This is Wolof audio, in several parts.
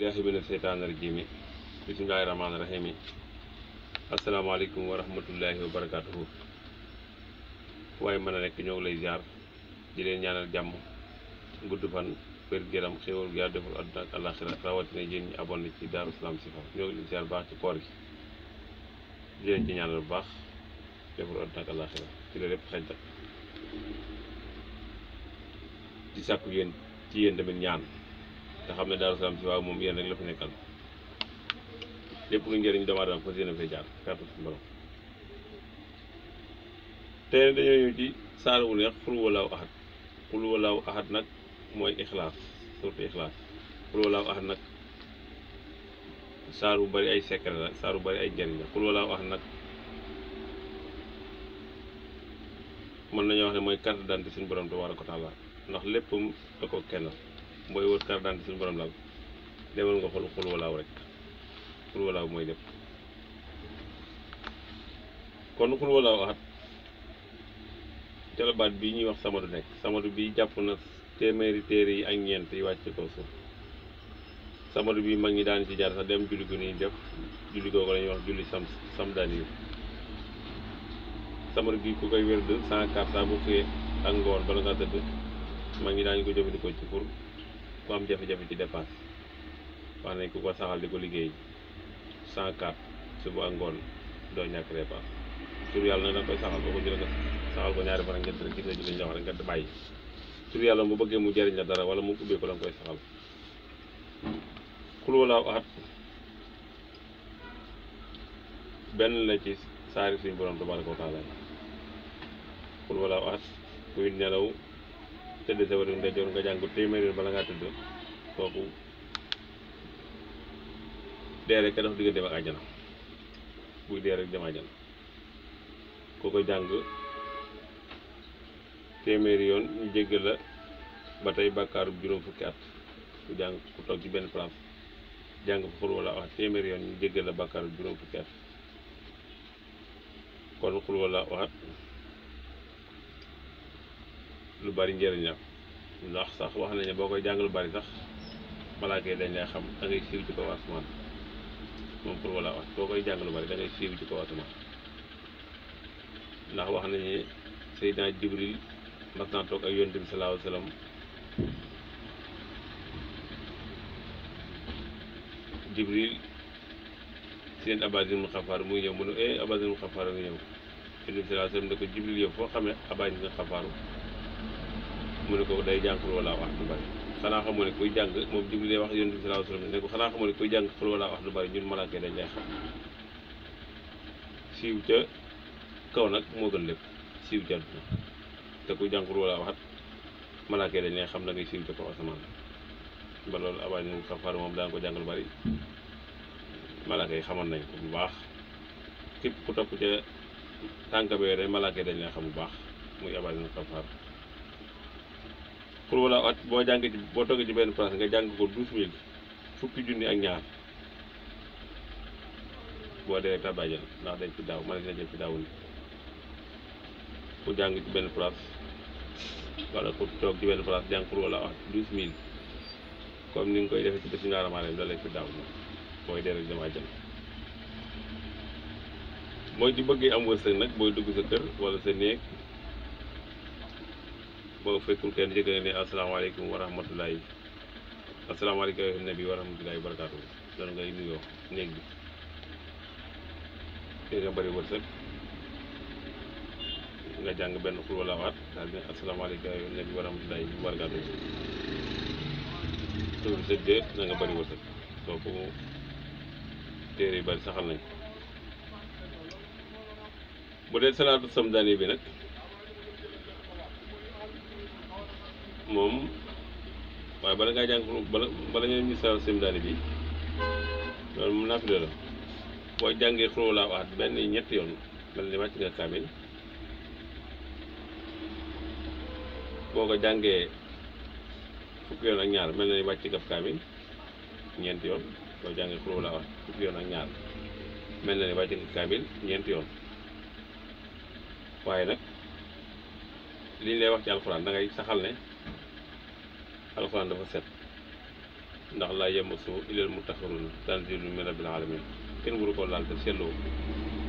billahi mina seytaani rajimi bismillahi rahmaani rahimi asalaamaaleykum wa rahmatullahi wa barakaatuhu waaye mën a nekk ñoo ngi lay ziar di leen ñaanal jàmm gudd fan wér gëram xéwal gu yàlla defal àdduna ak àllaaxira rawatina yéen ñi abonné ci Daaru Salaam Chifa ñoo ngi ziar baax ci koor gi di leen ci ñaanal baax defal àdduna ak àllaaxira ci la lépp xaj di sàkku yéen ci yéen tamit ñaan te xam ne Daaru Salaam si waaw moom yéen rek la fi nekkal lépp lu njëriñ doomu aadama fas yéene fay jaar kàttu suñu borom tey dañoo ñëw ci saar wu neex xul walaaw ahad xul nag mooy ixlaas surtout ixlaas xul walaaw nag saar bu bari ay secret la saar bu bari ay njëriñ la xul walaaw nag mën nañoo wax ne mooy carte d'identité suñu borom tabaaraka wa taala ndax léppam da ko kennal booy wër carte d'identité suñu borom laal demal nga xool xul walaaw rek xul mooy lépp kon xul walaaw axat calabaat bi ñuy wax samadu nekk samadu bi jàpp na téeméeri téere yi ak ñeent yi wàcc kaw suuf samadu bi mag ñi daan ci jaar sax dem julli gu ñuy def julli googu la ñuy wax julli sam samdaan yi samadu bi ku koy wér de cent quatre saa bu xëyee ak ngoon bala ngaa tëdd mag ñi daan ko jëfandikoo ci pour ku am jafe-jafe ci dépense wax nañ ku ko saxal di ko liggéey cent quatre suba ngoon doo ñàkk repas tur yàlla na danga koy saxal boo ko jëlee nga saxal ko ñaari fan ak nga bàyyi tur yàlla bu bëggee mu jariñ la dara wala mu ubbee ko la nga koy saxal xul walaaw aat benn la ci saari suñu borom tabaraka wa taala xul walaaw aat kuy nelaw tëdd sa wàllu ndeyjoor nga jàng téeméeri bala ngaa tëdd kooku dee rek ka dafa diggante ak àjjana buy dee rek dem àjjana ko jàng téeméeri yoon ñu jégg la ba tey bàkkaaru juróom fukki at ku jàng ku toog ci benn place jàng fa xul wala wax téeméeri yoon ñu jégg la bàkkaaru juróom fukki at kon xul wala waxat lu bari njëriñ la ndax sax wax nañu boo koy jàng lu bari sax malaaka yi dañ lay xam da ngay siiw ci kaw moom pour wala wax boo koy jàng lu bari da siiw ci kaw ndax wax nañu Seydina Jibril mas naa toog ak yonent bi salaahu alayhi Jibril seen Abaas ibn Xafaar muy ñëw mu ne eh Abaas ibn ñëw yonent bi salaahu alayhi wa ne ko Jibril yow foo xamee Abaas ibn Xafaar mu ne ko day jàng xanaa xamoo ne kuy jàng moom jibli day wax yonent bi sallallahu alayhi wasallam ne ko xanaa xamoo ne kuy jàng xul wala wax du bari ñun malaaka dañ lay xam siiw ca kaw nag moo gën lépp siiw ca àdduna te kuy jàng xul wala waxat malaaka yi dañ lay xam da ngay siiw ca kaw asamaan ba loolu abaa ñu xafaar moom daan ko lu bari malaaka xamoon nañ ko bu baax képp ku topp ca tànk bi yooyu rek malaaka dañ lay xam bu baax muy abaa ñu xafaar pour wala at boo jàngee ci boo toggee ci benn place nga jàng ko douze mille fukki junni ak ñaar boo dee tabaajal ndax dañ ci daaw mën na jël ci daaw ni pour jàng ci benn place wala pour toog ci benn place jàng mille comme ni nga koy defee ci bés ñaar daaw mooy dee rek jël mooy di bëggee am wërsëg nag booy dugg sa kër wala sa néeg boobu fekkul kenn jëkkële ne asalaamaaleykum wa rahmatulahi asalaamaaleykum nabi wa rahmatulahi wa barakaatu loolu ngay nuyoo néeg bi kii nga bëri wërsëg nga jàng benn xul wala waat daal di ne asalaamaaleykum nabi wa rahmatulahi wa barakaatu loolu sa déet na nga bëri wërsëg donc téere yu bëri saxal nañ bu dee salaatu samdaani bi nag. moom waaye bala ngaa jàng bala bala ngay misaal séminaire bi loolu mu naafila la boo jàngee xulóo laa waxaat benn ñetti yoon mel ni wàcc nga kaamil boo ñaar mel na ni wàcc nga kaamil ñeenti yoon boo jàngee xulóo laa ak ñaar na ni wàcc ñeenti yoon waaye nag li ñu lay wax ci alxuraan da ngay saxal ne. alxuraan dafa set ndax laa yamassuhu illal mutahharuun tanziilun min rabbil aalamiin kenn waru ko laal te selloo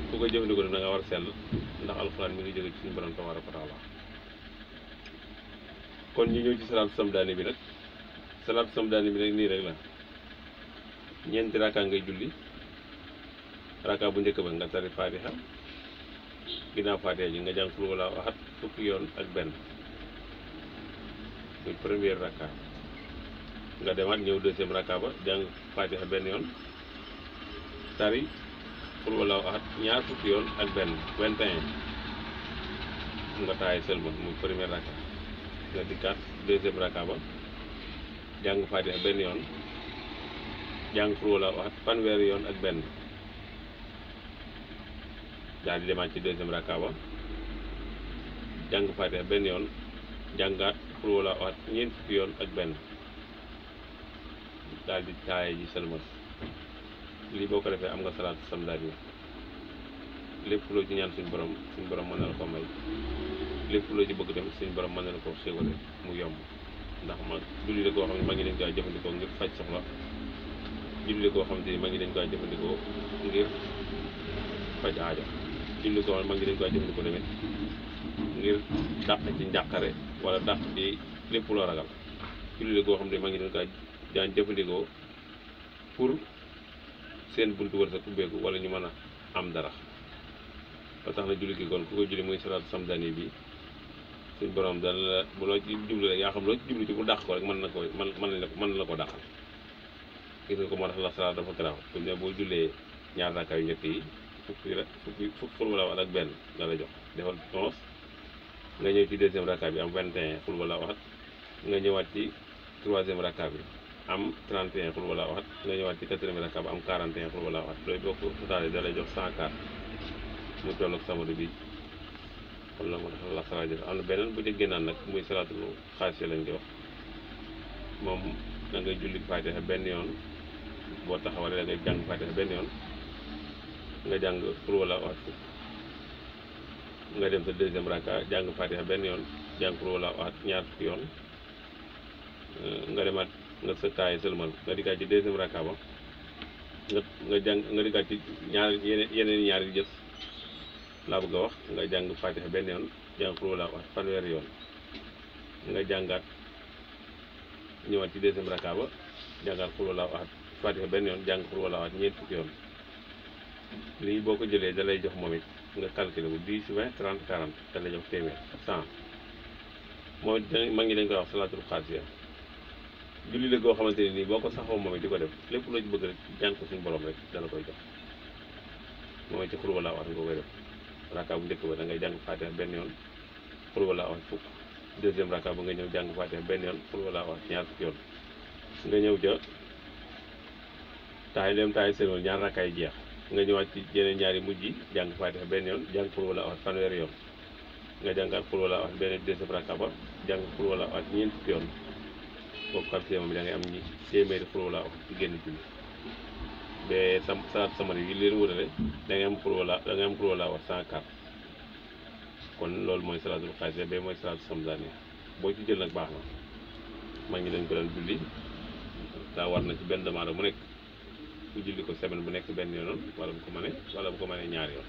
ku koy jëfandikoo da nga war a sell ndax alxuraan mi ngi jóge ci suñu borom tabaaraka ñu ñëw ci salaatu samdaani bi nag salaatu samdaani bi nag nii rek la ñeenti raakaa ngay julli raakaa bu njëkk ba nga tari faatiha ginnaaw faatiha ji nga jàng kul wallaahu ahad fukki yoon ak benn muy première rakka nga demaat ñëw deuxième rakka ba jàng faatiha benn yoon tari xul walaaw ahad ñaar fukki yoon ak benn vingt et un nga sëlma muy première rakka nga dikkaat deuxième rakka jàng faatiha benn yoon jàng xul walaaw ahad fanweeri yoon ak benn daal demaat ci deuxième rakka jàng faatiha benn yoon jàngaat xuloo laa waxaat ñeent fukki yoon ak benn daal di taaye ji sëlmal lii boo ko defee am nga salaatu samdaat yi lépp loo ji ñaan suñ borom suñ borom mën na la ko may lépp loo ci bëgg dem suñ borom mën na la ko séwale mu yomb ndax ma julli koo xam ne maa ngi leen kaa jëfandikoo ngir faj soxla julli koo xam ne maa ngi leen kaa jëfandikoo ngir faj aaja julli koo xam ne maa ngi leen kaa jëfandikoo tamit ngir dàq ci njàqare wala dàq ci lépp loo ragal pilule goo xam ne maa ngi doon kaa daan jëfandikoo pour seen buntu wër sa kubbeeku wala ñu mën a am dara ba tax na julli gi kon ku ko julli muy salaatu samdani bi suñ borom dana la bu loo ci jublu rek yaa xam loo ci jublu ci bu dàq ko rek mën na ko mën mën la ko dàqal gis nga ko moo tax la salaat dafa garaaw buñ boo jullee ñaar rakka njëkk yi fukki fukki fukki formula ak benn la la jox defal nga ñëw ci deuxième rakka bi am 21 xul wala waxat nga ñëwaat ci troisième rakka bi am 31 xul wala waxat nga ñëwaat ci quatrième rakka bi am 41 xul wala waxat looy bokk total da lay jox 104 mu toll ak samadu bi wala moo tax la sala jëf am na beneen bu ca génnaan nag muy salaatul xaasi lañ koy wax moom da ngay julli faatiha benn yoon boo taxawalee da ngay jàng faatiha benn yoon nga jàng xul wala waxat nga dem sa deuxième raka jàng fatiha benn yoon jàng ko wala waat ñaar fukki yoon euh, nga demaat nga sa taay sëlmal nga dikkaat ci deuxième raka ba nga jàng nga dikkaat ci ñaar yeneen ñaari jës laa bëgg wax nga jàng fatiha benn yoon jàng ko yoon nga jàngaat ñëwaat ci deuxième raka ba jàngaat ko wala waat fatiha benn yoon jàng ko wala waat ñeent fukki yoon lii boo ko jëlee dalay jox moom it nga calculé ko 10 20 30 40 te la jox téeméer 100 mooy dinañ maa ngi leen koy wax salaatul xaasiya julli la goo xamante ne nii boo ko saxoo moom di ko def lépp loo bëgg rek jàng ko suñu borom rek dana koy jox moom ci xurba laa wax nga koy def raka bu njëkk ba da ngay jàng faatiha benn yoon xurba laa wax fukk deuxième raka nga ñëw jàng faatiha benn yoon xurba laa wax ñaar fukki yoon nga ñëw ca taay dem taay seen ñaar rakaay jeex. nga ñëwaat ci yeneen ñaari mujj jàng faatiha benn yoon jàng xul wala awat fanweeri yoon nga jàngaat xul wala awat benn deux raka ba jàng xul wala awat ñeent da ngay am ñi téeméeri xul wala awat ci génn julli ba sam salaat samar yi leen wutale da am xul wala da cent quatre kon loolu mooy salaatul xaasiyya ba mooy salaatul samsaani boo ci jël nag baax na maa ngi leen ko doon julli daa war na ci benn demande mu nekk mu julli ko semaine bu nekk benn yoon wala bu ko mënee wala bu ko mënee ñaar yoon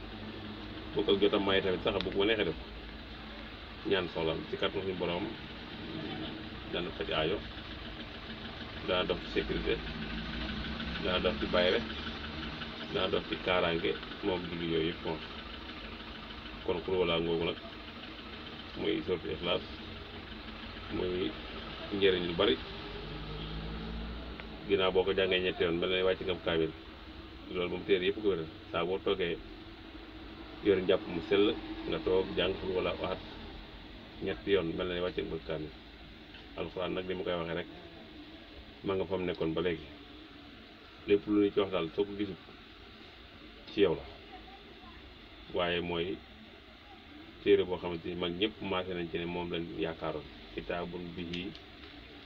bu ko jotam may tamit sax bu ko neexee def ñaan soxlam ci kàttan suñu borom dana faj aajo dana dox ci sécurité dana dox ci bayre dana dox ci kaaraange moom julli yooyu yëpp moom kon xur wala ngoogu nag muy sorti ixlaas muy njëriñ lu bari ginnaaw boo ko jàngee ñetti yoon ba ne wàcc nga kaamil loolu moom téere yëpp ko wéral saa boo toogee yor njàpp mu sell nga toog jàng xul yoon mel na ne wàcc nga kaamil nag li ma koy waxee rek ma nga fa nekkoon ba léegi lépp lu ñu daal soo ko yow la waaye mooy téere boo xamante ni mag ñëpp maase nañ ci ne moom lañ yaakaaroon kitaabun bihi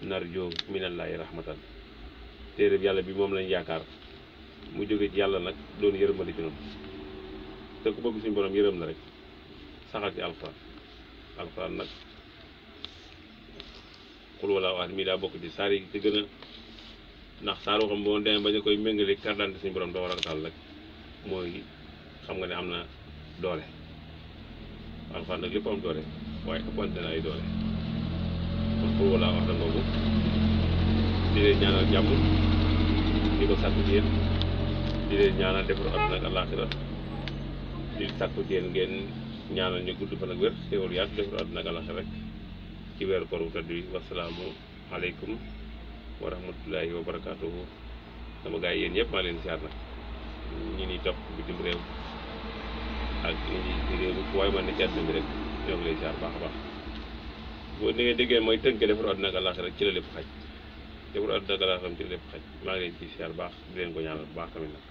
narjoo minallahi rahmatan téereb yàlla bi moom lañ yaakaar mu jóge ci yàlla nag doon yërëmali ci noonu te ku bëgg suñu borom yërëm la rek saxal ci alxuraan alxuraan nag xul wala wax mii daa bokk ci saar yi ci gën a ndax saar woo xam boo demee ba ñu koy méngale carte d'identité suñu borom da war mooy xam nga ne am na doole alxuraan nag lépp am doole waaye ëppante na ay doole kon xul wala wax na boobu di leen ñaanal jàmm di ko sàkku ci yéen di leen ñaanal defaru àdduna ak àllaaxira di sàkku ci ngeen ñaanal ñu gudd fan ak wér xéwal yaatu defaru àdduna ak àllaaxira rek ci weeru koor wu tedd bi wasalaamu a wa rahmatullaahi wa barakaatuhu sama gars yi yéen ñëpp leen siyaar nag ñi ni topp bitim réew ak waaye man ne ci àdduna rek ñoo ngi lay siyaar baax a baax boo ni nga déggee mooy tënk defaru àdduna ak àllaaxira rek ci la lépp xaj te bu àdduna ak alaaxira ci lépp xaj maa ngi leen ciy siyaar baax di leen ko ñaanal bu baax tamit